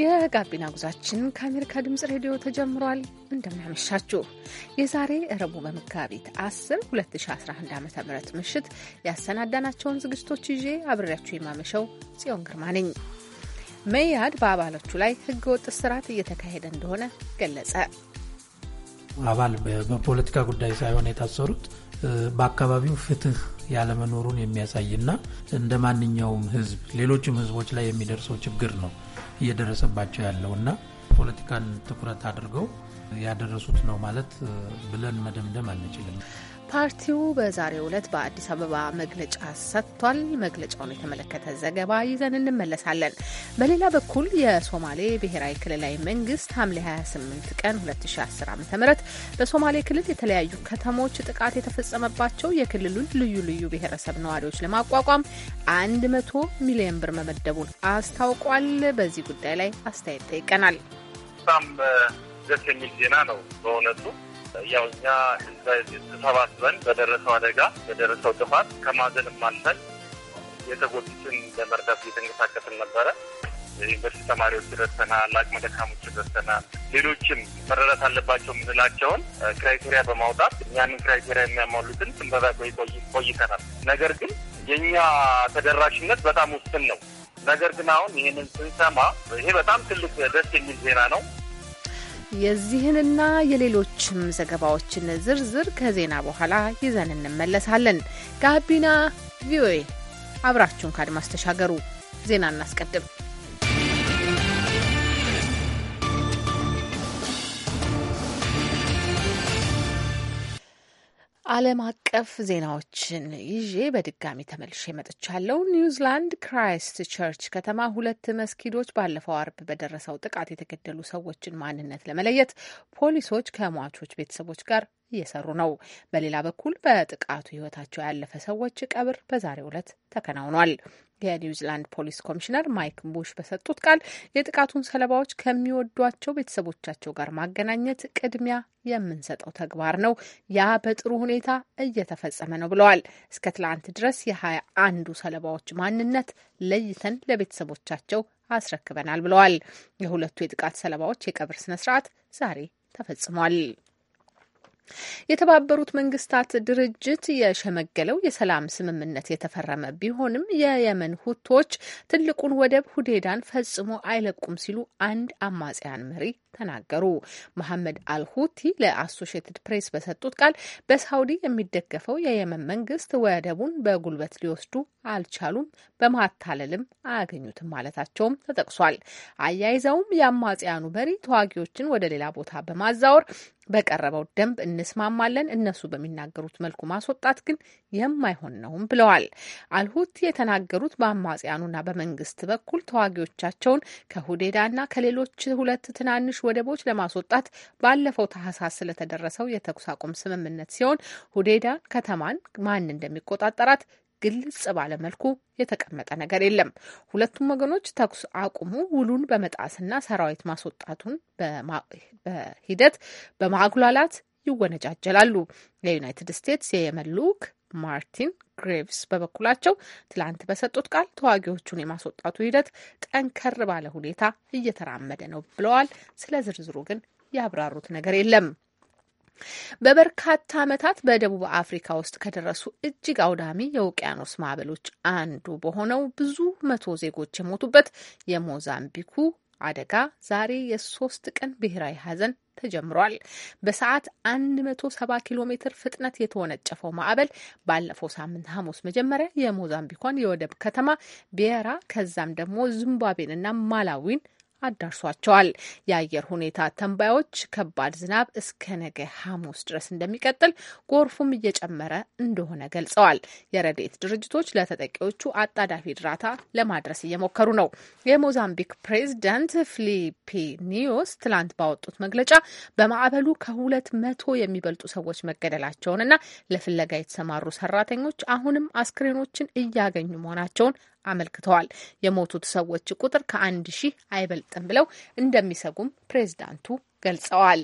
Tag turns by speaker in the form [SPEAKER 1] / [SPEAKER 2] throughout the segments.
[SPEAKER 1] የጋቢና ጉዟችን ከአሜሪካ ድምጽ ሬዲዮ ተጀምሯል። እንደምናመሻችሁ የዛሬ ረቡ በመጋቢት 10 2011 ዓ ም ምሽት ያሰናዳናቸውን ዝግጅቶች ይዤ አብሬያችሁ የማመሸው ጽዮን ግርማ ነኝ። መያድ በአባሎቹ ላይ ህገወጥ ስርዓት እየተካሄደ እንደሆነ ገለጸ።
[SPEAKER 2] አባል በፖለቲካ ጉዳይ ሳይሆን የታሰሩት በአካባቢው ፍትህ ያለመኖሩን የሚያሳይና እንደ ማንኛውም ህዝብ ሌሎችም ህዝቦች ላይ የሚደርሰው ችግር ነው እየደረሰባቸው ያለውና ፖለቲካን ትኩረት አድርገው ያደረሱት ነው ማለት ብለን መደምደም አንችልም።
[SPEAKER 1] ፓርቲው በዛሬው ዕለት በአዲስ አበባ መግለጫ ሰጥቷል። መግለጫውን የተመለከተ ዘገባ ይዘን እንመለሳለን። በሌላ በኩል የሶማሌ ብሔራዊ ክልላዊ መንግስት ሐምሌ 28 ቀን 2010 ዓ ም በሶማሌ ክልል የተለያዩ ከተሞች ጥቃት የተፈጸመባቸው የክልሉን ልዩ ልዩ ብሔረሰብ ነዋሪዎች ለማቋቋም 100 ሚሊዮን ብር መመደቡን አስታውቋል። በዚህ ጉዳይ ላይ አስተያየት ጠይቀናል።
[SPEAKER 3] በጣም ደስ የሚል ዜና ነው በእውነቱ ያው እኛ ተሰባስበን በደረሰው አደጋ በደረሰው ጥፋት ከማዘንም አልፈን የተጎዱትን ለመርዳት እየተንቀሳቀስን ነበረ። ዩኒቨርስቲ ተማሪዎች ደርሰናል፣ አቅመ ደካሞች ደርሰናል። ሌሎችም መረዳት አለባቸው የምንላቸውን ክራይቴሪያ በማውጣት ያንን ክራይቴሪያ የሚያሟሉትን ስንበዛ ቆይተናል። ነገር ግን የእኛ ተደራሽነት በጣም ውስን ነው። ነገር ግን አሁን ይህንን ስንሰማ ይሄ በጣም ትልቅ ደስ የሚል ዜና ነው።
[SPEAKER 1] የዚህንና የሌሎችም ዘገባዎችን ዝርዝር ከዜና በኋላ ይዘን እንመለሳለን። ጋቢና ቪኦኤ አብራችሁን ከአድማስ ተሻገሩ። ዜና እናስቀድም። ዓለም አቀፍ ዜናዎችን ይዤ በድጋሚ ተመልሼ መጥቻለሁ። ኒውዚላንድ ክራይስት ቸርች ከተማ ሁለት መስጊዶች ባለፈው አርብ በደረሰው ጥቃት የተገደሉ ሰዎችን ማንነት ለመለየት ፖሊሶች ከሟቾች ቤተሰቦች ጋር እየሰሩ ነው። በሌላ በኩል በጥቃቱ ሕይወታቸው ያለፈ ሰዎች ቀብር በዛሬው ዕለት ተከናውኗል። የኒውዚላንድ ፖሊስ ኮሚሽነር ማይክ ቡሽ በሰጡት ቃል የጥቃቱን ሰለባዎች ከሚወዷቸው ቤተሰቦቻቸው ጋር ማገናኘት ቅድሚያ የምንሰጠው ተግባር ነው። ያ በጥሩ ሁኔታ እየተፈጸመ ነው ብለዋል። እስከ ትላንት ድረስ የሀያ አንዱ ሰለባዎች ማንነት ለይተን ለቤተሰቦቻቸው አስረክበናል ብለዋል። የሁለቱ የጥቃት ሰለባዎች የቀብር ስነስርዓት ዛሬ ተፈጽሟል። የተባበሩት መንግስታት ድርጅት የሸመገለው የሰላም ስምምነት የተፈረመ ቢሆንም የየመን ሁቶች ትልቁን ወደብ ሁዴዳን ፈጽሞ አይለቁም ሲሉ አንድ አማጽያን መሪ ተናገሩ። መሐመድ አልሁቲ ለአሶሽትድ ፕሬስ በሰጡት ቃል በሳውዲ የሚደገፈው የየመን መንግስት ወደቡን በጉልበት ሊወስዱ አልቻሉም፣ በማታለልም አያገኙትም ማለታቸውም ተጠቅሷል። አያይዘውም የአማጽያኑ መሪ ተዋጊዎችን ወደ ሌላ ቦታ በማዛወር በቀረበው ደንብ እንስማማለን፣ እነሱ በሚናገሩት መልኩ ማስወጣት ግን የማይሆን ነውም ብለዋል። አልሁት የተናገሩት በአማጽያኑና በመንግስት በኩል ተዋጊዎቻቸውን ከሁዴዳና ከሌሎች ሁለት ትናንሽ ወደቦች ለማስወጣት ባለፈው ታህሳስ ስለተደረሰው የተኩስ አቁም ስምምነት ሲሆን ሁዴዳ ከተማን ማን እንደሚቆጣጠራት ግልጽ ባለ መልኩ የተቀመጠ ነገር የለም። ሁለቱም ወገኖች ተኩስ አቁሙ ውሉን በመጣስና ሰራዊት ማስወጣቱን በሂደት በማጉላላት ይወነጃጀላሉ። የዩናይትድ ስቴትስ የየመን ልዑክ ማርቲን ግሬቭስ በበኩላቸው ትላንት በሰጡት ቃል ተዋጊዎቹን የማስወጣቱ ሂደት ጠንከር ባለ ሁኔታ እየተራመደ ነው ብለዋል። ስለ ዝርዝሩ ግን ያብራሩት ነገር የለም። በበርካታ ዓመታት በደቡብ አፍሪካ ውስጥ ከደረሱ እጅግ አውዳሚ የውቅያኖስ ማዕበሎች አንዱ በሆነው ብዙ መቶ ዜጎች የሞቱበት የሞዛምቢኩ አደጋ ዛሬ የሶስት ቀን ብሔራዊ ሐዘን ተጀምሯል። በሰዓት 170 ኪሎ ሜትር ፍጥነት የተወነጨፈው ማዕበል ባለፈው ሳምንት ሐሙስ መጀመሪያ የሞዛምቢኳን የወደብ ከተማ ቢየራ ከዛም ደግሞ ዚምባብዌንና ማላዊን አዳርሷቸዋል። የአየር ሁኔታ ተንባዮች ከባድ ዝናብ እስከ ነገ ሐሙስ ድረስ እንደሚቀጥል፣ ጎርፉም እየጨመረ እንደሆነ ገልጸዋል። የረድኤት ድርጅቶች ለተጠቂዎቹ አጣዳፊ እርዳታ ለማድረስ እየሞከሩ ነው። የሞዛምቢክ ፕሬዚዳንት ፊሊፒ ኒዮስ ትላንት ባወጡት መግለጫ በማዕበሉ ከሁለት መቶ የሚበልጡ ሰዎች መገደላቸውንና ለፍለጋ የተሰማሩ ሰራተኞች አሁንም አስክሬኖችን እያገኙ መሆናቸውን አመልክተዋል። የሞቱት ሰዎች ቁጥር ከአንድ ሺህ አይበልጥም ብለው እንደሚሰጉም ፕሬዝዳንቱ ገልጸዋል።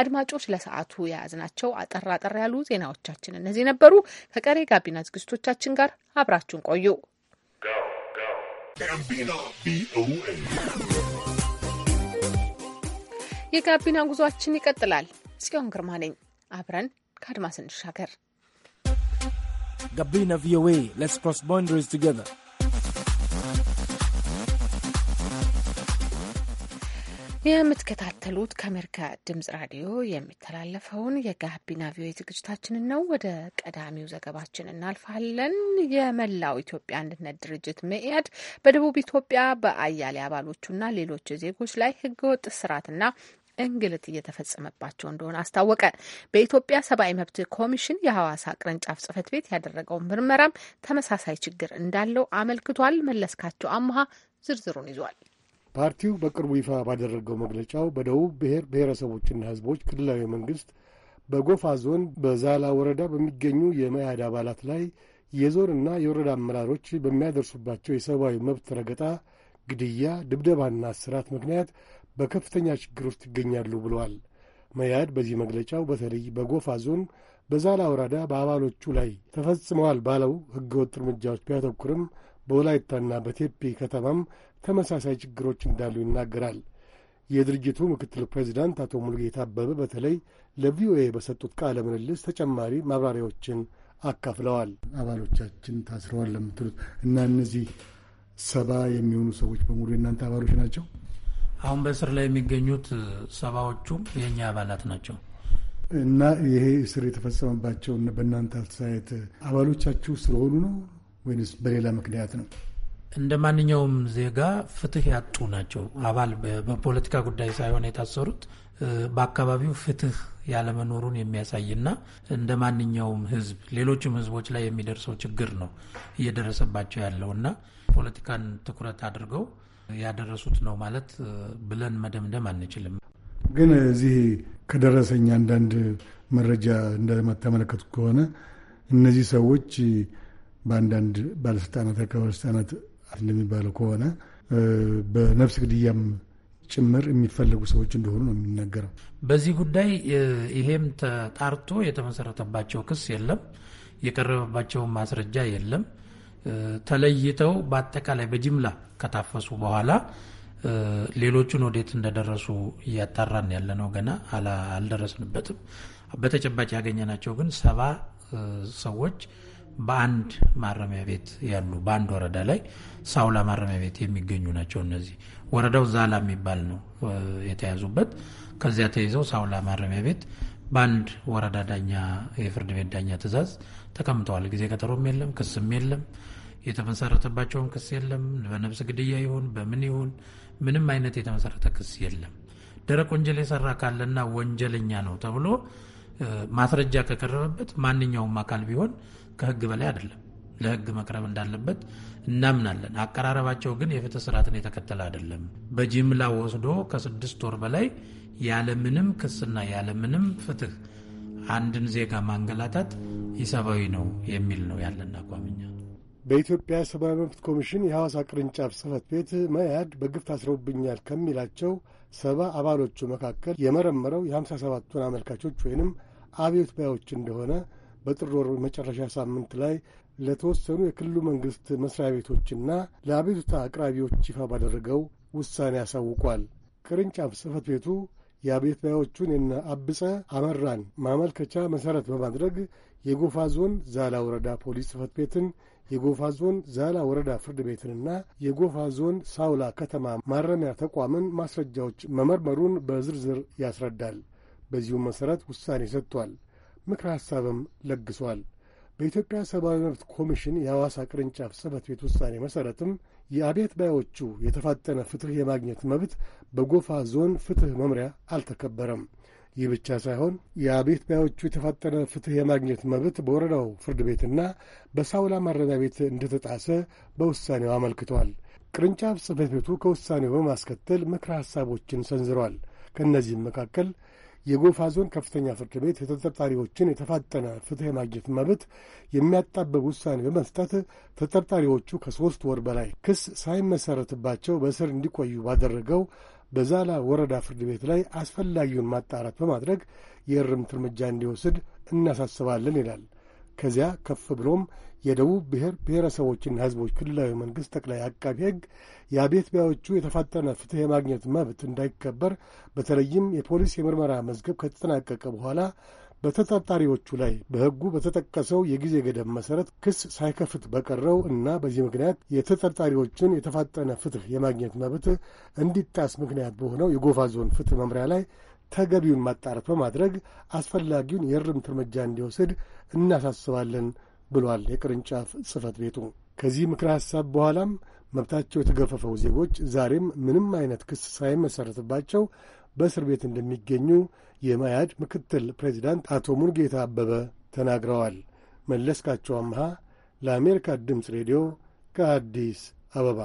[SPEAKER 1] አድማጮች ለሰዓቱ የያዝናቸው አጠር አጠር ያሉ ዜናዎቻችን እነዚህ ነበሩ። ከቀሬ ጋቢና ዝግጅቶቻችን ጋር አብራችሁን ቆዩ። የጋቢና ጉዟችን ይቀጥላል። ጽዮን ግርማ ነኝ። አብረን ከአድማስ እንሻገር።
[SPEAKER 2] ጋቢና ቪኦኤ ሌትስ ክሮስ ቦንደሪስ ቱጌዘር
[SPEAKER 1] የምትከታተሉት ከአሜሪካ ድምጽ ራዲዮ የሚተላለፈውን የጋቢና ቪኦኤ ዝግጅታችንን ነው። ወደ ቀዳሚው ዘገባችን እናልፋለን። የመላው ኢትዮጵያ አንድነት ድርጅት መኢአድ በደቡብ ኢትዮጵያ በአያሌ አባሎቹና ሌሎች ዜጎች ላይ ህገወጥ ስርዓትና እንግልት እየተፈጸመባቸው እንደሆነ አስታወቀ። በኢትዮጵያ ሰብአዊ መብት ኮሚሽን የሐዋሳ ቅርንጫፍ ጽህፈት ቤት ያደረገውን ምርመራም ተመሳሳይ ችግር እንዳለው አመልክቷል። መለስካቸው አምሃ ዝርዝሩን ይዟል።
[SPEAKER 4] ፓርቲው በቅርቡ ይፋ ባደረገው መግለጫው በደቡብ ብሔር ብሔረሰቦችና ሕዝቦች ክልላዊ መንግስት በጎፋ ዞን በዛላ ወረዳ በሚገኙ የመያድ አባላት ላይ የዞንና የወረዳ አመራሮች በሚያደርሱባቸው የሰብአዊ መብት ረገጣ፣ ግድያ፣ ድብደባና እስራት ምክንያት በከፍተኛ ችግር ውስጥ ይገኛሉ ብለዋል። መያድ በዚህ መግለጫው በተለይ በጎፋ ዞን በዛላ ወረዳ በአባሎቹ ላይ ተፈጽመዋል ባለው ህገወጥ እርምጃዎች ቢያተኩርም በወላይታና በቴፒ ከተማም ተመሳሳይ ችግሮች እንዳሉ ይናገራል። የድርጅቱ ምክትል ፕሬዚዳንት አቶ ሙሉጌታ አበበ በተለይ ለቪኦኤ በሰጡት ቃለ ምልልስ ተጨማሪ ማብራሪያዎችን አካፍለዋል። አባሎቻችን ታስረዋል ለምትሉት እና እነዚህ ሰባ የሚሆኑ ሰዎች በሙሉ የእናንተ አባሎች ናቸው?
[SPEAKER 2] አሁን በእስር ላይ የሚገኙት ሰባዎቹ የእኛ አባላት
[SPEAKER 4] ናቸው እና ይሄ እስር የተፈጸመባቸው በእናንተ አስተያየት አባሎቻችሁ ስለሆኑ ነው ወይንስ በሌላ ምክንያት ነው?
[SPEAKER 2] እንደ ማንኛውም ዜጋ ፍትህ ያጡ ናቸው። አባል በፖለቲካ ጉዳይ ሳይሆን የታሰሩት በአካባቢው ፍትህ ያለመኖሩን የሚያሳይና እንደ ማንኛውም ህዝብ ሌሎችም ህዝቦች ላይ የሚደርሰው ችግር ነው እየደረሰባቸው ያለው እና ፖለቲካን ትኩረት አድርገው ያደረሱት ነው ማለት ብለን መደምደም አንችልም።
[SPEAKER 4] ግን እዚህ ከደረሰኝ አንዳንድ መረጃ እንደተመለከቱ ከሆነ እነዚህ ሰዎች በአንዳንድ ባለስልጣናት ከባለስልጣናት እንደሚባለው ከሆነ በነፍስ ግድያም ጭምር የሚፈለጉ ሰዎች እንደሆኑ ነው የሚነገረው።
[SPEAKER 2] በዚህ ጉዳይ ይሄም ተጣርቶ የተመሰረተባቸው ክስ የለም፣ የቀረበባቸው ማስረጃ የለም። ተለይተው በአጠቃላይ በጅምላ ከታፈሱ በኋላ ሌሎቹን ወዴት እንደደረሱ እያጣራን ያለ ነው። ገና አልደረስንበትም። በተጨባጭ ያገኘናቸው ግን ሰባ ሰዎች በአንድ ማረሚያ ቤት ያሉ በአንድ ወረዳ ላይ ሳውላ ማረሚያ ቤት የሚገኙ ናቸው። እነዚህ ወረዳው ዛላ የሚባል ነው የተያዙበት። ከዚያ ተይዘው ሳውላ ማረሚያ ቤት በአንድ ወረዳ ዳኛ የፍርድ ቤት ዳኛ ትዕዛዝ ተቀምጠዋል። ጊዜ ቀጠሮም የለም፣ ክስም የለም፣ የተመሰረተባቸውም ክስ የለም። በነብስ ግድያ ይሁን በምን ይሁን ምንም አይነት የተመሰረተ ክስ የለም። ደረቅ ወንጀል የሰራ ካለና ወንጀለኛ ነው ተብሎ ማስረጃ ከቀረበበት ማንኛውም አካል ቢሆን ከህግ በላይ አይደለም። ለህግ መቅረብ እንዳለበት እናምናለን። አቀራረባቸው ግን የፍትህ ስርዓትን የተከተለ አይደለም። በጅምላ ወስዶ ከስድስት ወር በላይ ያለምንም ክስና ያለምንም ፍትህ አንድን ዜጋ ማንገላታት ኢሰብአዊ ነው የሚል ነው ያለን አቋምኛ።
[SPEAKER 4] በኢትዮጵያ ሰብአዊ መብት ኮሚሽን የሐዋሳ ቅርንጫፍ ጽህፈት ቤት መያድ በግፍ ታስረውብኛል ከሚላቸው ሰባ አባሎቹ መካከል የመረመረው የ57ቱን አመልካቾች ወይንም አብዮት ባዮች እንደሆነ በጥር ወር መጨረሻ ሳምንት ላይ ለተወሰኑ የክልሉ መንግሥት መሥሪያ ቤቶችና ለአቤቱታ አቅራቢዎች ይፋ ባደረገው ውሳኔ አሳውቋል። ቅርንጫፍ ጽሕፈት ቤቱ ባዮቹን የነ አብጸ አመራን ማመልከቻ መሠረት በማድረግ የጎፋ ዞን ዛላ ወረዳ ፖሊስ ጽሕፈት ቤትን የጎፋ ዞን ዛላ ወረዳ ፍርድ ቤትንና የጎፋ ዞን ሳውላ ከተማ ማረሚያ ተቋምን ማስረጃዎች መመርመሩን በዝርዝር ያስረዳል። በዚሁም መሠረት ውሳኔ ሰጥቷል። ምክር ሐሳብም ለግሷል። በኢትዮጵያ ሰብአዊ መብት ኮሚሽን የሐዋሳ ቅርንጫፍ ጽህፈት ቤት ውሳኔ መሠረትም የአቤት ባዮቹ የተፋጠነ ፍትሕ የማግኘት መብት በጎፋ ዞን ፍትሕ መምሪያ አልተከበረም። ይህ ብቻ ሳይሆን የአቤት ባዮቹ የተፋጠነ ፍትሕ የማግኘት መብት በወረዳው ፍርድ ቤትና በሳውላ ማረሚያ ቤት እንደተጣሰ በውሳኔው አመልክቷል። ቅርንጫፍ ጽፈት ቤቱ ከውሳኔው በማስከተል ምክር ሐሳቦችን ሰንዝሯል። ከእነዚህም መካከል የጎፋ ዞን ከፍተኛ ፍርድ ቤት የተጠርጣሪዎችን የተፋጠነ ፍትሕ የማግኘት መብት የሚያጣበብ ውሳኔ በመስጠት ተጠርጣሪዎቹ ከሦስት ወር በላይ ክስ ሳይመሰረትባቸው በእስር እንዲቆዩ ባደረገው በዛላ ወረዳ ፍርድ ቤት ላይ አስፈላጊውን ማጣራት በማድረግ የእርምት እርምጃ እንዲወስድ እናሳስባለን ይላል። ከዚያ ከፍ ብሎም የደቡብ ብሔር ብሔረሰቦችና ሕዝቦች ክልላዊ መንግሥት ጠቅላይ አቃቢ ሕግ የአቤት ቢያዎቹ የተፋጠነ ፍትሕ የማግኘት መብት እንዳይከበር በተለይም የፖሊስ የምርመራ መዝገብ ከተጠናቀቀ በኋላ በተጠርጣሪዎቹ ላይ በሕጉ በተጠቀሰው የጊዜ ገደብ መሠረት ክስ ሳይከፍት በቀረው እና በዚህ ምክንያት የተጠርጣሪዎቹን የተፋጠነ ፍትሕ የማግኘት መብት እንዲጣስ ምክንያት በሆነው የጎፋ ዞን ፍትሕ መምሪያ ላይ ተገቢውን ማጣራት በማድረግ አስፈላጊውን የእርምት እርምጃ እንዲወስድ እናሳስባለን ብሏል የቅርንጫፍ ጽህፈት ቤቱ። ከዚህ ምክረ ሐሳብ በኋላም መብታቸው የተገፈፈው ዜጎች ዛሬም ምንም አይነት ክስ ሳይመሠረትባቸው በእስር ቤት እንደሚገኙ የማያድ ምክትል ፕሬዚዳንት አቶ ሙንጌታ አበበ ተናግረዋል። መለስካቸው አምሃ ለአሜሪካ ድምፅ ሬዲዮ ከአዲስ አበባ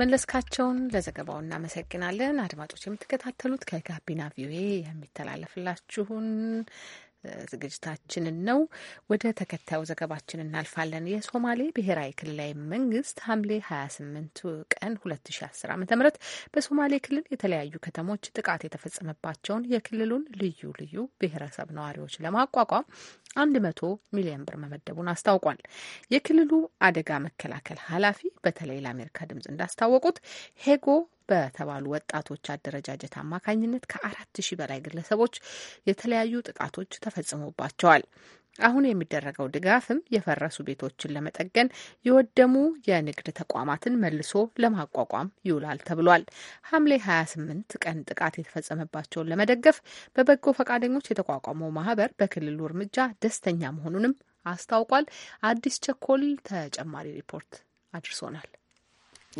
[SPEAKER 1] መለስካቸውን ለዘገባው እናመሰግናለን። አድማጮች የምትከታተሉት ከጋቢና ቪኦኤ የሚተላለፍላችሁን ዝግጅታችንን ነው። ወደ ተከታዩ ዘገባችን እናልፋለን። የሶማሌ ብሔራዊ ክልላዊ መንግስት ሐምሌ 28 ቀን 2010 ዓ ም በሶማሌ ክልል የተለያዩ ከተሞች ጥቃት የተፈጸመባቸውን የክልሉን ልዩ ልዩ ብሔረሰብ ነዋሪዎች ለማቋቋም አንድ መቶ ሚሊዮን ብር መመደቡን አስታውቋል። የክልሉ አደጋ መከላከል ኃላፊ በተለይ ለአሜሪካ ድምጽ እንዳስታወቁት ሄጎ በተባሉ ወጣቶች አደረጃጀት አማካኝነት ከአራት ሺህ በላይ ግለሰቦች የተለያዩ ጥቃቶች ተፈጽሞባቸዋል። አሁን የሚደረገው ድጋፍም የፈረሱ ቤቶችን ለመጠገን፣ የወደሙ የንግድ ተቋማትን መልሶ ለማቋቋም ይውላል ተብሏል። ሐምሌ 28 ቀን ጥቃት የተፈጸመባቸውን ለመደገፍ በበጎ ፈቃደኞች የተቋቋመው ማህበር በክልሉ እርምጃ ደስተኛ መሆኑንም አስታውቋል። አዲስ ቸኮል ተጨማሪ ሪፖርት አድርሶናል።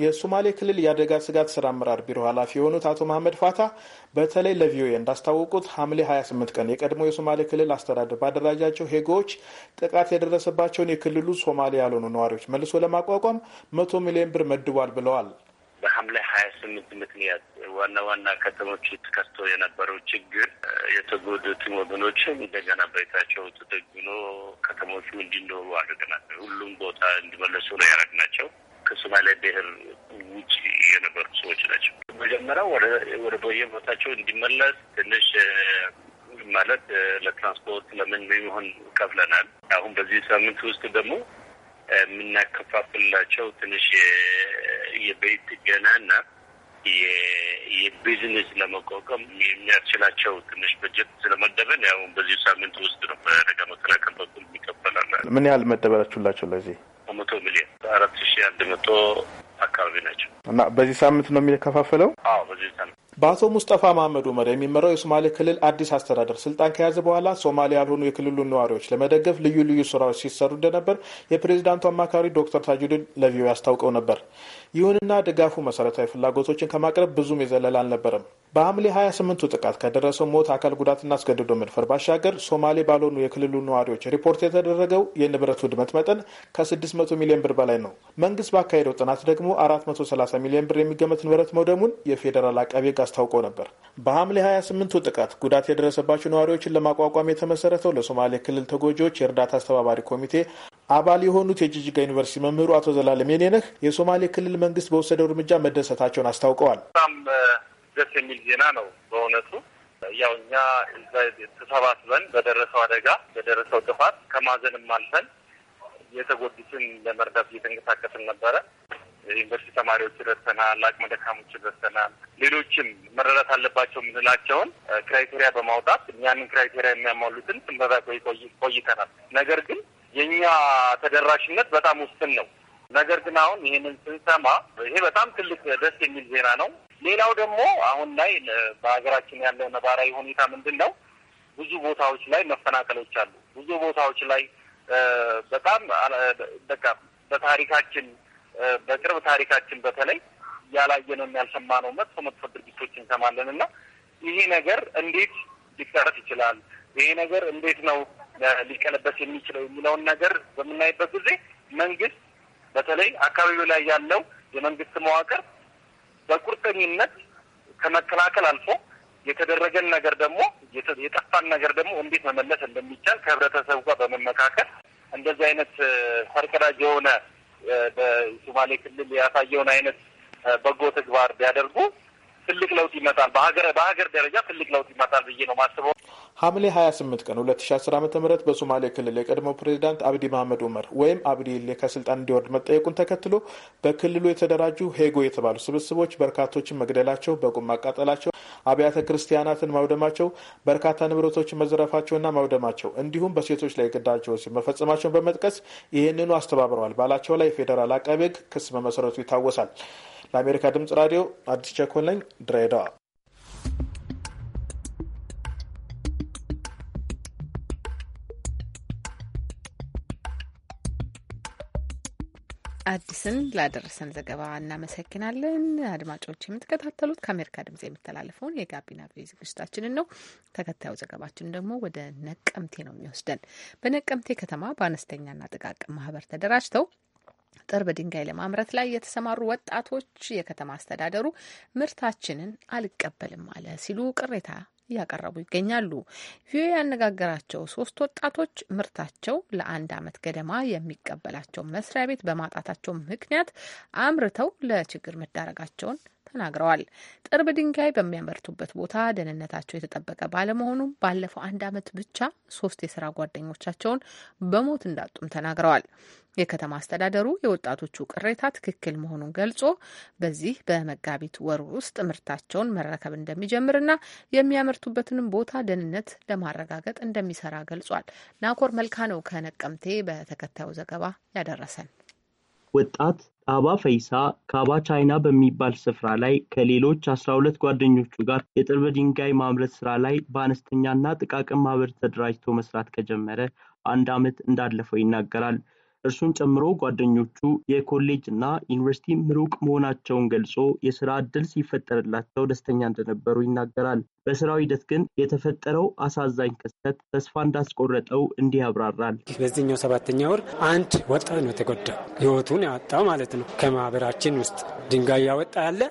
[SPEAKER 5] የሶማሌ ክልል የአደጋ ስጋት ስራ አመራር ቢሮ ኃላፊ የሆኑት አቶ መሐመድ ፋታ በተለይ ለቪኦኤ እንዳስታወቁት ሐምሌ 28 ቀን የቀድሞ የሶማሌ ክልል አስተዳደር ባደራጃቸው ሄጎዎች ጥቃት የደረሰባቸውን የክልሉ ሶማሌ ያልሆኑ ነዋሪዎች መልሶ ለማቋቋም መቶ ሚሊዮን ብር መድቧል ብለዋል።
[SPEAKER 3] በሐምሌ 28 ምክንያት ዋና ዋና ከተሞች ተከስቶ የነበረው ችግር የተጎዱትን ወገኖችም እንደገና ቤታቸው ተደግኖ ከተሞቹ እንዲኖሩ አድርገናል። ሁሉም ቦታ እንዲመለሱ ነው ያደረግናቸው። ከሶማሊያ ብሔር ውጭ የነበሩ ሰዎች ናቸው። መጀመሪያ ወደ ቦታቸው እንዲመለስ ትንሽ ማለት ለትራንስፖርት ለምን የሚሆን ከፍለናል። አሁን በዚህ ሳምንት ውስጥ ደግሞ የምናከፋፍላቸው ትንሽ የቤት ገናና የቢዝነስ ለመቋቋም የሚያስችላቸው
[SPEAKER 5] ትንሽ በጀት ስለመደበን ያው በዚህ ሳምንት ውስጥ ነው በደጋ መከላከል በኩል የሚከፈላል። ምን ያህል መደበላችሁላቸው ለዚህ
[SPEAKER 3] መቶ ሚሊዮን አራት ሺ አንድ መቶ አካባቢ
[SPEAKER 5] ናቸው እና በዚህ ሳምንት ነው የሚከፋፈለው። አዎ በዚህ ሳምንት በአቶ ሙስጠፋ ማህመድ ኡመር የሚመራው የሶማሌ ክልል አዲስ አስተዳደር ስልጣን ከያዘ በኋላ ሶማሌ ያልሆኑ የክልሉን ነዋሪዎች ለመደገፍ ልዩ ልዩ ስራዎች ሲሰሩ እንደነበር የፕሬዚዳንቱ አማካሪ ዶክተር ታጁዲን ለቪዮ አስታውቀው ነበር። ይሁንና ድጋፉ መሰረታዊ ፍላጎቶችን ከማቅረብ ብዙም የዘለል አልነበረም። በሐምሌ 28ቱ ጥቃት ከደረሰው ሞት፣ አካል ጉዳትና አስገድዶ መድፈር ባሻገር ሶማሌ ባልሆኑ የክልሉ ነዋሪዎች ሪፖርት የተደረገው የንብረት ውድመት መጠን ከ600 ሚሊዮን ብር በላይ ነው። መንግስት ባካሄደው ጥናት ደግሞ 430 ሚሊዮን ብር የሚገመት ንብረት መውደሙን የፌዴራል አቃቤ ጋ አስታውቆ ነበር። በሐምሌ 28ቱ ጥቃት ጉዳት የደረሰባቸው ነዋሪዎችን ለማቋቋም የተመሰረተው ለሶማሌ ክልል ተጎጂዎች የእርዳታ አስተባባሪ ኮሚቴ አባል የሆኑት የጅጅጋ ዩኒቨርሲቲ መምህሩ አቶ ዘላለም የኔነህ የሶማሌ ክልል መንግስት በወሰደው እርምጃ መደሰታቸውን አስታውቀዋል። በጣም ደስ የሚል ዜና ነው በእውነቱ
[SPEAKER 3] ያው እኛ እዛ ተሰባስበን በደረሰው አደጋ በደረሰው ጥፋት ከማዘንም አልፈን የተጎዱትን ለመርዳት እየተንቀሳቀስን ነበረ። ዩኒቨርሲቲ ተማሪዎች ረድተናል። አቅመ ደካሞች ረድተናል። ሌሎችም መረዳት አለባቸው የምንላቸውን ክራይቴሪያ በማውጣት እኛንን ክራይቴሪያ የሚያሟሉትን ስንበዛ ቆይተናል። ነገር ግን የእኛ ተደራሽነት በጣም ውስን ነው። ነገር ግን አሁን ይህንን ስንሰማ ይሄ በጣም ትልቅ ደስ የሚል ዜና ነው። ሌላው ደግሞ አሁን ላይ በሀገራችን ያለው ነባራዊ ሁኔታ ምንድን ነው? ብዙ ቦታዎች ላይ መፈናቀሎች አሉ። ብዙ ቦታዎች ላይ በጣም በቃ በታሪካችን በቅርብ ታሪካችን በተለይ ያላየነውም ያልሰማነው መጥፎ መጥፎ ድርጊቶች እንሰማለን እና ይሄ ነገር እንዴት ሊቀረፍ ይችላል፣ ይሄ ነገር እንዴት ነው ሊቀለበስ የሚችለው የሚለውን ነገር በምናይበት ጊዜ መንግስት በተለይ አካባቢው ላይ ያለው የመንግስት መዋቅር በቁርጠኝነት ከመከላከል አልፎ የተደረገን ነገር ደግሞ የጠፋን ነገር ደግሞ እንዴት መመለስ እንደሚቻል ከህብረተሰቡ ጋር በመመካከል እንደዚህ አይነት ፈርቀዳጅ የሆነ በሶማሌ ክልል ያሳየውን አይነት በጎ ተግባር ቢያደርጉ ትልቅ ለውጥ ይመጣል። በሀገር በሀገር ደረጃ ትልቅ ለውጥ ይመጣል
[SPEAKER 5] ብዬ ነው ማስበው። ሐምሌ 28 ቀን 2010 ዓ ም በሶማሌ ክልል የቀድሞው ፕሬዚዳንት አብዲ መሐመድ ኡመር ወይም አብዲሌ ከስልጣን እንዲወርድ መጠየቁን ተከትሎ በክልሉ የተደራጁ ሄጎ የተባሉ ስብስቦች በርካቶችን መግደላቸው፣ በቁም ማቃጠላቸው፣ አብያተ ክርስቲያናትን ማውደማቸው፣ በርካታ ንብረቶችን መዘረፋቸውና ማውደማቸው እንዲሁም በሴቶች ላይ ግዳጅ ወሲብ መፈጸማቸውን በመጥቀስ ይህንኑ አስተባብረዋል ባላቸው ላይ ፌዴራል አቃቤ ሕግ ክስ መመሰረቱ ይታወሳል። ለአሜሪካ ድምጽ ራዲዮ አዲስ ቸኮለኝ ድሬዳዋ
[SPEAKER 1] አዲስን ላደረሰን ዘገባ እናመሰግናለን። አድማጮች የምትከታተሉት ከአሜሪካ ድምጽ የሚተላለፈውን የጋቢና ቪ ዝግጅታችንን ነው። ተከታዩ ዘገባችን ደግሞ ወደ ነቀምቴ ነው የሚወስደን። በነቀምቴ ከተማ በአነስተኛና ጥቃቅን ማህበር ተደራጅተው ጥርብ ድንጋይ ለማምረት ላይ የተሰማሩ ወጣቶች የከተማ አስተዳደሩ ምርታችንን አልቀበልም አለ ሲሉ ቅሬታ እያቀረቡ ይገኛሉ። ቪኦኤ ያነጋገራቸው ሶስት ወጣቶች ምርታቸው ለአንድ ዓመት ገደማ የሚቀበላቸው መስሪያ ቤት በማጣታቸው ምክንያት አምርተው ለችግር መዳረጋቸውን ተናግረዋል። ጥርብ ድንጋይ በሚያመርቱበት ቦታ ደህንነታቸው የተጠበቀ ባለመሆኑም ባለፈው አንድ ዓመት ብቻ ሶስት የስራ ጓደኞቻቸውን በሞት እንዳጡም ተናግረዋል። የከተማ አስተዳደሩ የወጣቶቹ ቅሬታ ትክክል መሆኑን ገልጾ በዚህ በመጋቢት ወር ውስጥ ምርታቸውን መረከብ እንደሚጀምርና የሚያመርቱበትንም ቦታ ደህንነት ለማረጋገጥ እንደሚሰራ ገልጿል። ናኮር መልካ ነው ከነቀምቴ በተከታዩ ዘገባ ያደረሰን።
[SPEAKER 6] ወጣት አባ ፈይሳ ካባ ቻይና በሚባል ስፍራ ላይ ከሌሎች 12 ጓደኞቹ ጋር የጥርብ ድንጋይ ማምረት ስራ ላይ በአነስተኛና ጥቃቅን ማህበር ተደራጅቶ መስራት ከጀመረ አንድ ዓመት እንዳለፈው ይናገራል። እርሱን ጨምሮ ጓደኞቹ የኮሌጅ እና ዩኒቨርሲቲ ምሩቅ መሆናቸውን ገልጾ የስራ እድል ሲፈጠርላቸው ደስተኛ እንደነበሩ ይናገራል። በስራው ሂደት ግን የተፈጠረው አሳዛኝ ክስተት ተስፋ እንዳስቆረጠው እንዲህ ያብራራል። በዚህኛው ሰባተኛ ወር አንድ ወጣት ነው የተጎዳ ህይወቱን ያወጣው ማለት ነው። ከማህበራችን ውስጥ ድንጋይ
[SPEAKER 7] ያወጣ ያለ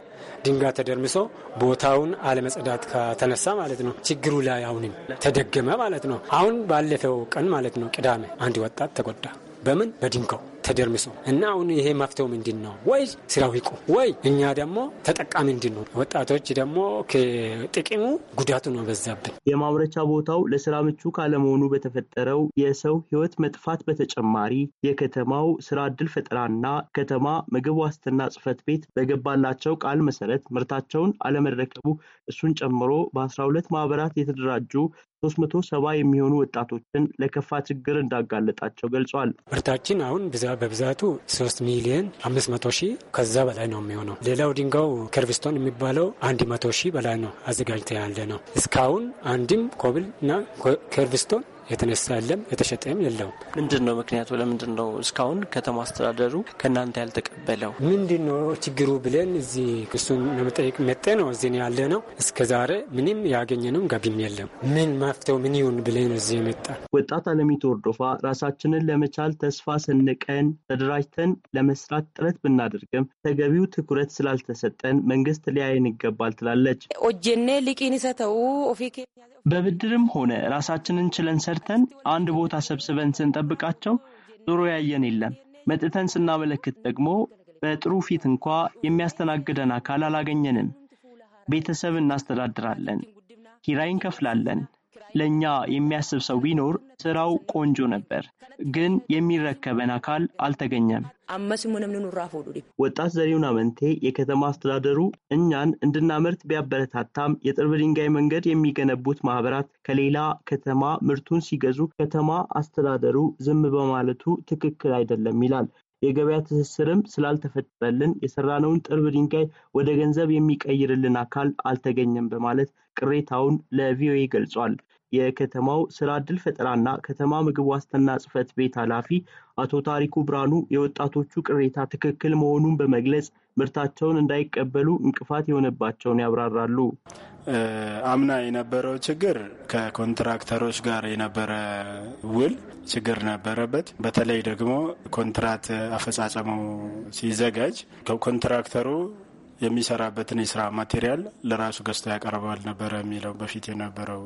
[SPEAKER 7] ድንጋይ ተደርምሶ ቦታውን አለመጸዳት ከተነሳ ማለት ነው ችግሩ ላይ አሁንም ተደገመ ማለት ነው። አሁን ባለፈው ቀን ማለት ነው ቅዳሜ አንድ ወጣት ተጎዳ። በምን በድንጋው ተደርምሶ እና አሁን ይሄ መፍትሄው ምንድን ነው? ወይ ስራው ይቁ ወይ እኛ ደግሞ ተጠቃሚ እንድንሆን ወጣቶች ደግሞ ከጥቅሙ ጉዳቱ ነው በዛብን።
[SPEAKER 6] የማምረቻ ቦታው ለስራ ምቹ ካለመሆኑ በተፈጠረው የሰው ህይወት መጥፋት በተጨማሪ የከተማው ስራ እድል ፈጠራና ከተማ ምግብ ዋስትና ጽህፈት ቤት በገባላቸው ቃል መሰረት ምርታቸውን አለመረከቡ እሱን ጨምሮ በ12 ማህበራት የተደራጁ 370 የሚሆኑ ወጣቶችን ለከፋ ችግር እንዳጋለጣቸው ገልጿል። ምርታችን አሁን ብዛ በብዛቱ ሶስት ሚሊዮን 500 መቶ ሺህ ከዛ በላይ ነው የሚሆነው።
[SPEAKER 7] ሌላው ድንጋው ከርቪስቶን የሚባለው አንድ መቶ ሺህ በላይ ነው አዘጋጅተ ያለ ነው። እስካሁን አንድም ኮብል እና ከርቪስቶን የተነሳ የለም የተሸጠም የለውም። ምንድን ነው ምክንያቱ?
[SPEAKER 6] ለምንድን ነው እስካሁን ከተማ አስተዳደሩ ከእናንተ ያልተቀበለው?
[SPEAKER 7] ምንድን ነው ችግሩ ብለን እዚህ እሱን ለመጠየቅ መጠ ነው እዚህ ያለ ነው። እስከ ዛሬ ምንም ያገኘንም ገቢም
[SPEAKER 6] የለም። ምን ማፍተው ምን ይሁን ብለን እዚህ የመጣ ወጣት አለሚት ወርዶፋ ራሳችንን ለመቻል ተስፋ ሰንቀን ተደራጅተን ለመስራት ጥረት ብናደርግም ተገቢው ትኩረት ስላልተሰጠን መንግስት ሊያየን ይገባል ትላለች።
[SPEAKER 1] ኦጀኔ ሊቂን ሰተው
[SPEAKER 6] በብድርም ሆነ ራሳችንን ችለን ሰርተን ጠርተን አንድ ቦታ ሰብስበን ስንጠብቃቸው ዞሮ ያየን የለም። መጥተን ስናመለክት ደግሞ በጥሩ ፊት እንኳ የሚያስተናግደን አካል አላገኘንም። ቤተሰብ እናስተዳድራለን፣ ኪራይ እንከፍላለን፣ ለእኛ የሚያስብ ሰው ቢኖር ስራው ቆንጆ ነበር፣ ግን የሚረከበን አካል አልተገኘም። ወጣት ዘሪሁን አመንቴ የከተማ አስተዳደሩ እኛን እንድናመርት ቢያበረታታም የጥርብ ድንጋይ መንገድ የሚገነቡት ማህበራት ከሌላ ከተማ ምርቱን ሲገዙ ከተማ አስተዳደሩ ዝም በማለቱ ትክክል አይደለም ይላል። የገበያ ትስስርም ስላልተፈጠረልን የሰራነውን ጥርብ ድንጋይ ወደ ገንዘብ የሚቀይርልን አካል አልተገኘም በማለት ቅሬታውን ለቪኦኤ ገልጿል። የከተማው ስራ ዕድል ፈጠራና ከተማ ምግብ ዋስትና ጽህፈት ቤት ኃላፊ አቶ ታሪኩ ብርሃኑ የወጣቶቹ ቅሬታ ትክክል መሆኑን በመግለጽ ምርታቸውን
[SPEAKER 8] እንዳይቀበሉ እንቅፋት የሆነባቸውን ያብራራሉ። አምና የነበረው ችግር ከኮንትራክተሮች ጋር የነበረ ውል ችግር ነበረበት። በተለይ ደግሞ ኮንትራት አፈጻጸሙ ሲዘጋጅ ከኮንትራክተሩ የሚሰራበትን የስራ ማቴሪያል ለራሱ ገዝቶ ያቀርባል ነበረ የሚለው በፊት የነበረው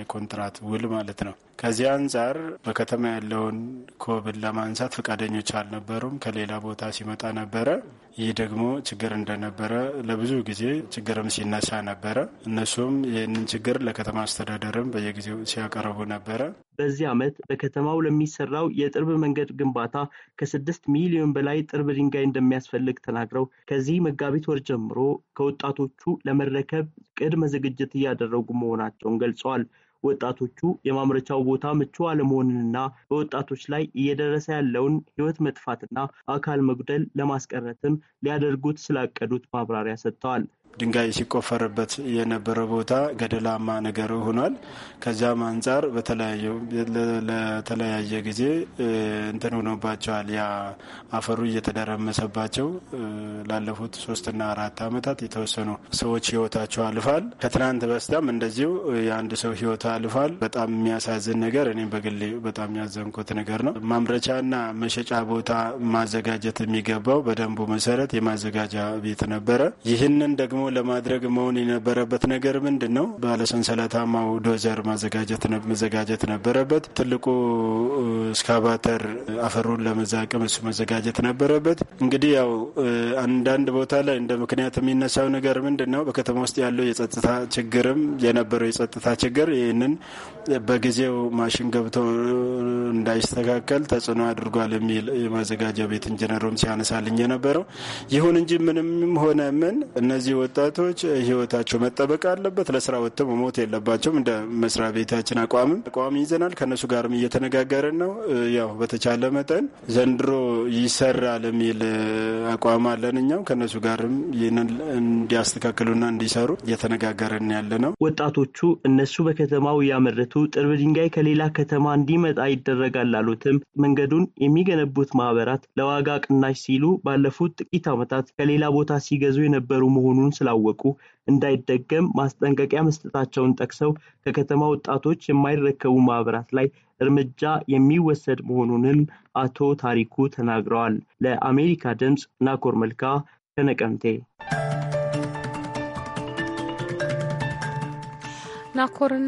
[SPEAKER 8] የኮንትራት ውል ማለት ነው። ከዚያ አንጻር በከተማ ያለውን ኮብን ለማንሳት ፈቃደኞች አልነበሩም። ከሌላ ቦታ ሲመጣ ነበረ። ይህ ደግሞ ችግር እንደነበረ ለብዙ ጊዜ ችግርም ሲነሳ ነበረ። እነሱም ይህንን ችግር ለከተማ አስተዳደርም በየጊዜው ሲያቀርቡ ነበረ።
[SPEAKER 6] በዚህ ዓመት በከተማው ለሚሰራው የጥርብ መንገድ ግንባታ ከስድስት ሚሊዮን በላይ ጥርብ ድንጋይ እንደሚያስፈልግ ተናግረው ከዚህ መጋቢት ወር ጀምሮ ከወጣቶቹ ለመረከብ ቅድመ ዝግጅት እያደረጉ መሆናቸውን ገልጸዋል። ወጣቶቹ የማምረቻው ቦታ ምቹ አለመሆንንና በወጣቶች ላይ እየደረሰ ያለውን ህይወት መጥፋትና አካል መጉደል ለማስቀረትም ሊያደርጉት ስላቀዱት
[SPEAKER 8] ማብራሪያ ሰጥተዋል። ድንጋይ ሲቆፈርበት የነበረ ቦታ ገደላማ ነገር ሆኗል። ከዚያም አንጻር ለተለያየ ጊዜ እንትን ሆኖባቸዋል። ያ አፈሩ እየተደረመሰባቸው ላለፉት ሶስትና አራት አመታት የተወሰኑ ሰዎች ህይወታቸው አልፋል። ከትናንት በስቲያም እንደዚሁ የአንድ ሰው ህይወት አልፋል። በጣም የሚያሳዝን ነገር እኔም በግሌ በጣም ያዘንኩት ነገር ነው። ማምረቻና መሸጫ ቦታ ማዘጋጀት የሚገባው በደንቡ መሰረት የማዘጋጃ ቤት ነበረ። ይህንን ደግሞ ለማድረግ መሆን የነበረበት ነገር ምንድን ነው? ባለሰንሰለታማው ዶዘር ማዘጋጀት መዘጋጀት ነበረበት። ትልቁ እስካቫተር አፈሩን ለመዛቅም እሱ መዘጋጀት ነበረበት። እንግዲህ ያው አንዳንድ ቦታ ላይ እንደ ምክንያት የሚነሳው ነገር ምንድን ነው? በከተማ ውስጥ ያለው የጸጥታ ችግርም የነበረው የጸጥታ ችግር ይህንን በጊዜው ማሽን ገብቶ እንዳይስተካከል ተጽዕኖ አድርጓል የሚል የማዘጋጃ ቤት ኢንጂነሩም ሲያነሳልኝ የነበረው ይሁን እንጂ ምንም ሆነ ምን እነዚህ ወጣቶች ህይወታቸው መጠበቅ አለበት። ለስራ ወጥተው መሞት የለባቸውም። እንደ መስሪያ ቤታችን አቋምም አቋም ይዘናል። ከእነሱ ጋርም እየተነጋገርን ነው። ያው በተቻለ መጠን ዘንድሮ ይሰራል የሚል አቋም አለን። እኛም ከእነሱ ጋርም ይህንን እንዲያስተካክሉና እንዲሰሩ እየተነጋገርን ያለ ነው። ወጣቶቹ እነሱ
[SPEAKER 6] በከተማው ያመረቱ ጥርብ ድንጋይ ከሌላ ከተማ እንዲመጣ ይደረጋል ላሉትም መንገዱን የሚገነቡት ማህበራት ለዋጋ ቅናሽ ሲሉ ባለፉት ጥቂት ዓመታት ከሌላ ቦታ ሲገዙ የነበሩ መሆኑን ስላወቁ እንዳይደገም ማስጠንቀቂያ መስጠታቸውን ጠቅሰው ከከተማ ወጣቶች የማይረከቡ ማህበራት ላይ እርምጃ የሚወሰድ መሆኑንም አቶ ታሪኩ ተናግረዋል። ለአሜሪካ ድምፅ ናኮር መልካ ከነቀምቴ
[SPEAKER 1] ናኮርን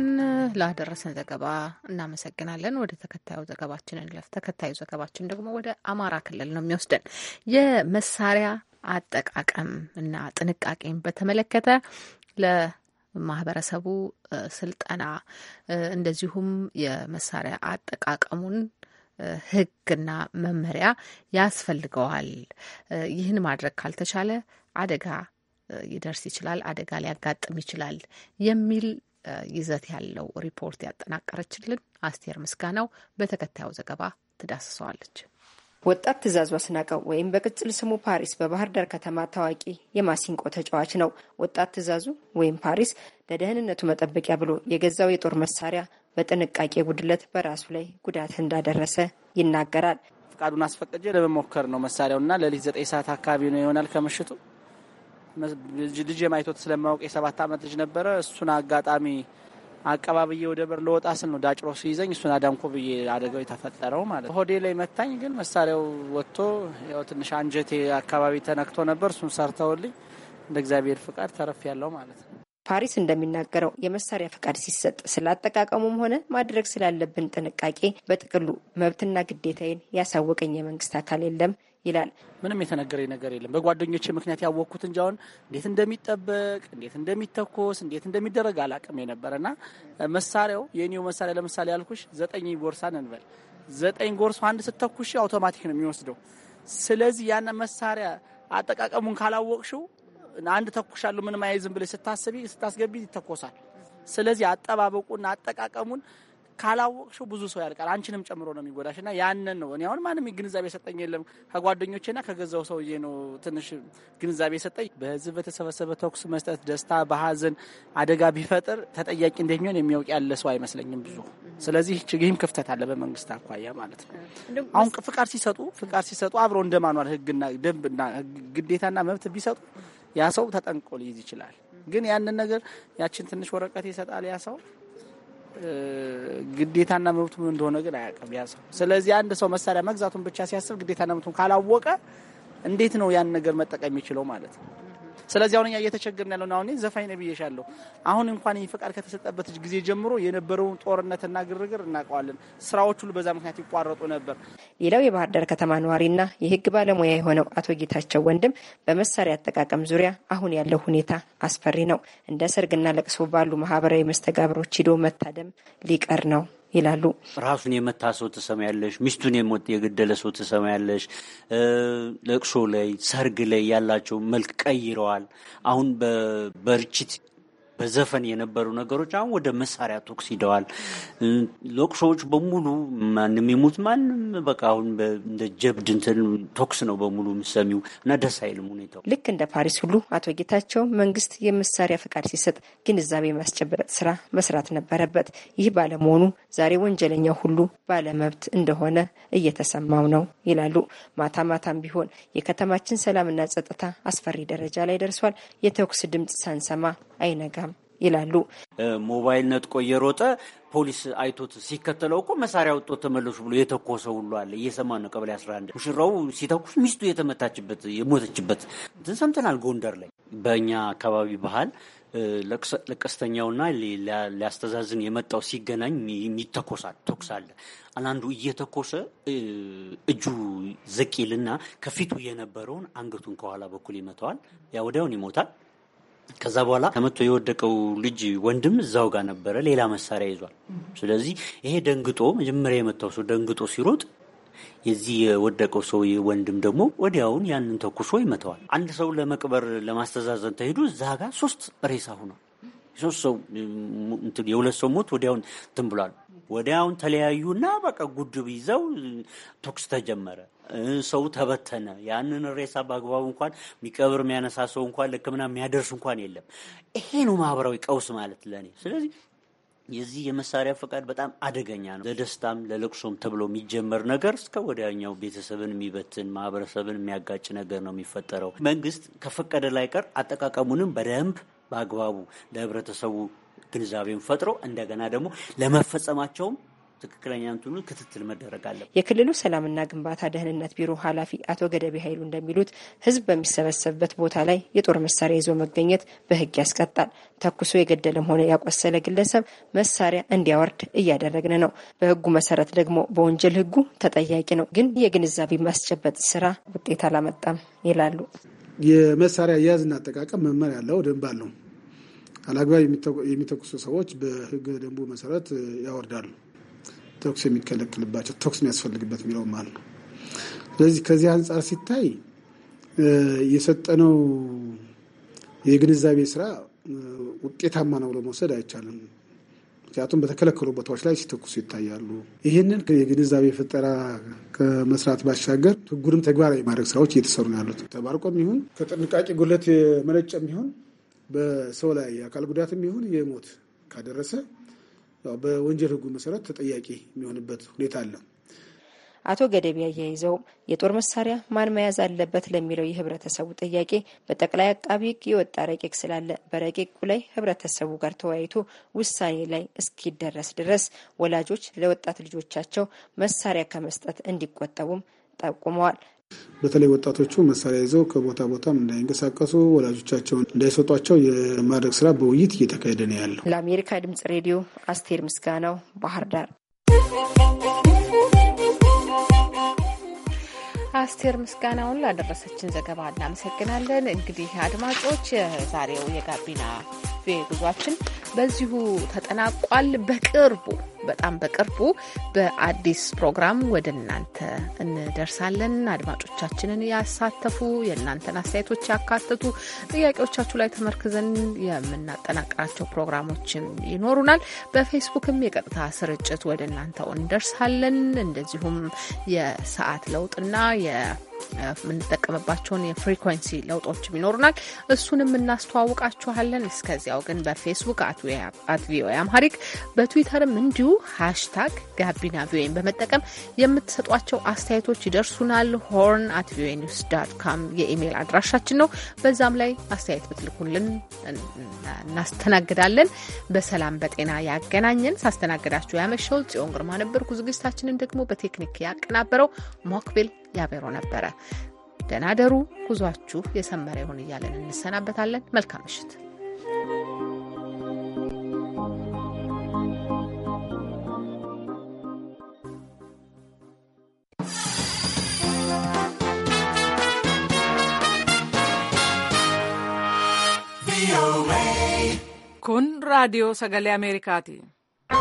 [SPEAKER 1] ላደረሰን ዘገባ እናመሰግናለን። ወደ ተከታዩ ዘገባችን እንለፍ። ተከታዩ ዘገባችን ደግሞ ወደ አማራ ክልል ነው የሚወስደን የመሳሪያ አጠቃቀም እና ጥንቃቄን በተመለከተ ለማህበረሰቡ ስልጠና እንደዚሁም የመሳሪያ አጠቃቀሙን ሕግና መመሪያ ያስፈልገዋል። ይህን ማድረግ ካልተቻለ አደጋ ይደርስ ይችላል፣ አደጋ ሊያጋጥም ይችላል የሚል ይዘት ያለው ሪፖርት ያጠናቀረችልን አስቴር ምስጋናው በተከታዩ ዘገባ ትዳስሰዋለች። ወጣት ትእዛዙ አስናቀው ወይም በቅጽል ስሙ ፓሪስ በባህር ዳር ከተማ ታዋቂ
[SPEAKER 9] የማሲንቆ ተጫዋች ነው። ወጣት ትእዛዙ ወይም ፓሪስ ለደህንነቱ መጠበቂያ ብሎ የገዛው የጦር መሳሪያ በጥንቃቄ ጉድለት በራሱ ላይ ጉዳት እንዳደረሰ ይናገራል።
[SPEAKER 10] ፍቃዱን አስፈቅጄ ለመሞከር ነው መሳሪያውና ለሊት ዘጠኝ ሰዓት አካባቢ ነው ይሆናል ከምሽቱ ልጅ የማይቶት ስለማወቅ የሰባት ዓመት ልጅ ነበረ። እሱን አጋጣሚ አቀባብዬ ወደ በር ለወጣ ስል ነው ዳጭሮ ሲይዘኝ እሱን አዳምኮ ብዬ አደገው የተፈጠረው ማለት ነው። ሆዴ ላይ መታኝ፣ ግን መሳሪያው ወጥቶ ያው ትንሽ አንጀቴ አካባቢ ተነክቶ ነበር። እሱን ሰርተውልኝ እንደ እግዚአብሔር ፍቃድ ተረፍ ያለው ማለት ነው።
[SPEAKER 9] ፓሪስ እንደሚናገረው የመሳሪያ ፍቃድ ሲሰጥ ስላጠቃቀሙም ሆነ ማድረግ ስላለብን ጥንቃቄ በጥቅሉ መብትና ግዴታዬን ያሳወቀኝ የመንግስት አካል የለም ይላል።
[SPEAKER 10] ምንም የተነገረኝ ነገር የለም። በጓደኞቼ ምክንያት ያወቅኩት እንጂ አሁን እንዴት እንደሚጠበቅ እንዴት እንደሚተኮስ እንዴት እንደሚደረግ አላቅም የነበረ እና መሳሪያው የኒው መሳሪያ ለምሳሌ ያልኩሽ ዘጠኝ ጎርሳን እንበል ዘጠኝ ጎርሶ አንድ ስተኩሽ አውቶማቲክ ነው የሚወስደው። ስለዚህ ያን መሳሪያ አጠቃቀሙን ካላወቅሽው አንድ ተኩሻለሁ ምንም አይዝም ብለሽ ስታስቢ ስታስገቢ ይተኮሳል። ስለዚህ አጠባበቁና አጠቃቀሙን ካላወቅሽው ብዙ ሰው ያልቃል፣ አንቺንም ጨምሮ ነው የሚጎዳሽ። እና ያንን ነው እኔ አሁን ማንም ግንዛቤ የሰጠኝ የለም ከጓደኞቼና ከገዛው ሰውዬ ነው ትንሽ ግንዛቤ የሰጠኝ። በህዝብ በተሰበሰበ ተኩስ መስጠት ደስታ በሀዘን አደጋ ቢፈጥር ተጠያቂ እንደሚሆን የሚያውቅ ያለ ሰው አይመስለኝም ብዙ። ስለዚህ ችግህም ክፍተት አለ በመንግስት አኳያ ማለት
[SPEAKER 9] ነው። አሁን
[SPEAKER 10] ፍቃድ ሲሰጡ ፍቃድ ሲሰጡ አብሮ እንደማኗል ህግና ደንብና ግዴታና መብት ቢሰጡ ያ ሰው ተጠንቆ ሊይዝ ይችላል። ግን ያንን ነገር ያችን ትንሽ ወረቀት ይሰጣል ያ ሰው ግዴታና መብቱ ምን እንደሆነ ግን አያውቅም ያ ሰው። ስለዚህ አንድ ሰው መሳሪያ መግዛቱን ብቻ ሲያስብ ግዴታና መብቱን ካላወቀ እንዴት ነው ያን ነገር መጠቀም የሚችለው ማለት ነው? ስለዚህ አሁን እኛ እየተቸገርን ያለው አሁን ዘፋኝ ነው ብዬሻለሁ። አሁን እንኳን ይህ ፈቃድ ከተሰጠበት ጊዜ ጀምሮ የነበረውን ጦርነትና ግርግር እናውቀዋለን። ስራዎች ሁሉ በዛ ምክንያት ይቋረጡ ነበር።
[SPEAKER 9] ሌላው የባህር ዳር ከተማ ነዋሪና የህግ ባለሙያ የሆነው አቶ ጌታቸው ወንድም በመሳሪያ አጠቃቀም ዙሪያ አሁን ያለው ሁኔታ አስፈሪ ነው። እንደ ሰርግና ለቅሶ ባሉ ማህበራዊ መስተጋብሮች ሂዶ መታደም ሊቀር ነው ይላሉ።
[SPEAKER 7] ራሱን የመታ ሰው ትሰማያለሽ፣ ሚስቱን የገደለ ሰው ትሰማያለሽ። ለቅሶ ላይ ሰርግ ላይ ያላቸው መልክ ቀይረዋል። አሁን በርችት በዘፈን የነበሩ ነገሮች አሁን ወደ መሳሪያ ተኩስ ሂደዋል። ሎቅሾዎች በሙሉ ማንም የሙት ማንም በቃ አሁን እንደ ጀብድ እንትን ተኩስ ነው በሙሉ የምሰሚው እና ደስ አይልም ሁኔታው።
[SPEAKER 9] ልክ እንደ ፓሪስ ሁሉ አቶ ጌታቸው መንግስት የመሳሪያ ፈቃድ ሲሰጥ ግንዛቤ ማስጨበጥ ስራ መስራት ነበረበት። ይህ ባለመሆኑ ዛሬ ወንጀለኛው ሁሉ ባለመብት እንደሆነ እየተሰማው ነው ይላሉ። ማታ ማታም ቢሆን የከተማችን ሰላምና ጸጥታ አስፈሪ ደረጃ ላይ ደርሷል። የተኩስ ድምፅ ሳንሰማ አይነጋም ይላሉ።
[SPEAKER 7] ሞባይል ነጥቆ እየሮጠ ፖሊስ አይቶት ሲከተለው እኮ መሳሪያ ወጦ ተመለሱ ብሎ የተኮሰ ሁሉ አለ። እየሰማ ነው። ቀበሌ 11 ሙሽራው ሲተኩስ ሚስቱ የተመታችበት የሞተችበት እንትን ሰምተናል። ጎንደር ላይ በእኛ አካባቢ ባህል ለቀስተኛውና ሊያስተዛዝን የመጣው ሲገናኝ ይተኮሳል። ተኩስ አለ። እየተኮሰ እጁ ዝቅ ይልና ከፊቱ የነበረውን አንገቱን ከኋላ በኩል ይመታዋል። ያ ወዲያውን ይሞታል። ከዛ በኋላ ተመቶ የወደቀው ልጅ ወንድም እዛው ጋር ነበረ፣ ሌላ መሳሪያ ይዟል። ስለዚህ ይሄ ደንግጦ መጀመሪያ የመታው ሰው ደንግጦ ሲሮጥ የዚህ የወደቀው ሰው ወንድም ደግሞ ወዲያውን ያንን ተኩሶ ይመታዋል። አንድ ሰው ለመቅበር ለማስተዛዘን ተሄዱ። እዛ ጋር ሶስት ሬሳ ሆኗል። ሶስት ሰው የሁለት ሰው ሞት ወዲያውን እንትን ብሏል። ወዲያውን ተለያዩና በቃ ጉድብ ይዘው ተኩስ ተጀመረ። ሰው ተበተነ። ያንን ሬሳ በአግባቡ እንኳን የሚቀብር የሚያነሳ ሰው እንኳን ለሕክምና የሚያደርስ እንኳን የለም። ይሄ ነው ማህበራዊ ቀውስ ማለት ለእኔ። ስለዚህ የዚህ የመሳሪያ ፈቃድ በጣም አደገኛ ነው። ለደስታም ለለቅሶም ተብሎ የሚጀመር ነገር እስከ ወዲያኛው ቤተሰብን የሚበትን ማህበረሰብን የሚያጋጭ ነገር ነው የሚፈጠረው። መንግስት ከፈቀደ ላይ ቀር አጠቃቀሙንም በደንብ በአግባቡ ለህብረተሰቡ ግንዛቤውን ፈጥሮ እንደገና ደግሞ ለመፈጸማቸውም ትክክለኛ እንትኑ ክትትል መደረግ አለ።
[SPEAKER 9] የክልሉ ሰላምና ግንባታ ደህንነት ቢሮ ኃላፊ አቶ ገደቢ ኃይሉ እንደሚሉት ህዝብ በሚሰበሰብበት ቦታ ላይ የጦር መሳሪያ ይዞ መገኘት በህግ ያስቀጣል። ተኩሶ የገደለም ሆነ ያቆሰለ ግለሰብ መሳሪያ እንዲያወርድ እያደረግን ነው። በህጉ መሰረት ደግሞ በወንጀል ህጉ ተጠያቂ ነው። ግን የግንዛቤ ማስጨበጥ ስራ ውጤት አላመጣም ይላሉ።
[SPEAKER 11] የመሳሪያ አያያዝና አጠቃቀም መመሪያ አለው፣ ደንብ አለው። አላግባብ የሚተኩሱ ሰዎች በህገ ደንቡ መሰረት ያወርዳሉ። ተኩስ የሚከለክልባቸው ተኩስ የሚያስፈልግበት የሚለውም አሉ። ስለዚህ ከዚህ አንጻር ሲታይ የሰጠነው የግንዛቤ ስራ ውጤታማ ነው ብሎ መውሰድ አይቻልም። ምክንያቱም በተከለከሉ ቦታዎች ላይ ሲተኩሱ ይታያሉ። ይህንን የግንዛቤ ፈጠራ ከመስራት ባሻገር ህጉንም ተግባራዊ ማድረግ ስራዎች እየተሰሩ ነው ያሉት። ተባርቆም ይሁን ከጥንቃቄ ጉለት የመነጨም ይሁን በሰው ላይ የአካል ጉዳትም ይሁን የሞት ካደረሰ በወንጀል ህጉ መሰረት ተጠያቂ የሚሆንበት ሁኔታ አለ።
[SPEAKER 9] አቶ ገደቢ አያይዘው የጦር መሳሪያ ማን መያዝ አለበት ለሚለው የህብረተሰቡ ጥያቄ በጠቅላይ አቃቢ ህግ የወጣ ረቂቅ ስላለ በረቂቁ ላይ ህብረተሰቡ ጋር ተወያይቶ ውሳኔ ላይ እስኪደረስ ድረስ ወላጆች ለወጣት ልጆቻቸው መሳሪያ ከመስጠት እንዲቆጠቡም ጠቁመዋል።
[SPEAKER 11] በተለይ ወጣቶቹ መሳሪያ ይዘው ከቦታ ቦታም እንዳይንቀሳቀሱ ወላጆቻቸውን እንዳይሰጧቸው የማድረግ ስራ በውይይት እየተካሄደ ነው ያለው።
[SPEAKER 9] ለአሜሪካ ድምጽ ሬዲዮ አስቴር
[SPEAKER 1] ምስጋናው ባህር ዳር። አስቴር ምስጋናውን ላደረሰችን ዘገባ እናመሰግናለን። እንግዲህ አድማጮች የዛሬው የጋቢና ጉዟችን በዚሁ ተጠናቋል። በቅርቡ በጣም በቅርቡ በአዲስ ፕሮግራም ወደ እናንተ እንደርሳለን። አድማጮቻችንን ያሳተፉ የእናንተን አስተያየቶች ያካተቱ ጥያቄዎቻችሁ ላይ ተመርክዘን የምናጠናቅራቸው ፕሮግራሞችም ይኖሩናል። በፌስቡክም የቀጥታ ስርጭት ወደ እናንተው እንደርሳለን። እንደዚሁም የሰዓት ለውጥና የምንጠቀምባቸውን የፍሪኮንሲ ለውጦችም ይኖሩናል። እሱንም እናስተዋውቃችኋለን። እስከዚያው ግን በፌስቡክ አት አት ቪኦኤ አምሃሪክ በትዊተርም እንዲሁ ሃሽታግ ጋቢና ቪኦኤን በመጠቀም የምትሰጧቸው አስተያየቶች ይደርሱናል። ሆርን አት ቪኦኤ ኒውስ ዳት ካም የኢሜይል አድራሻችን ነው። በዛም ላይ አስተያየት ብትልኩልን እናስተናግዳለን። በሰላም በጤና ያገናኘን። ሳስተናግዳችሁ ያመሸው ጽዮን ግርማ ነበርኩ። ዝግጅታችንን ደግሞ በቴክኒክ ያቀናበረው ሞክቤል ያበሮ ነበረ። ደናደሩ ጉዟችሁ የሰመረ ይሁን እያለን እንሰናበታለን። መልካም ምሽት። Kun raadiyoo sagalee ti.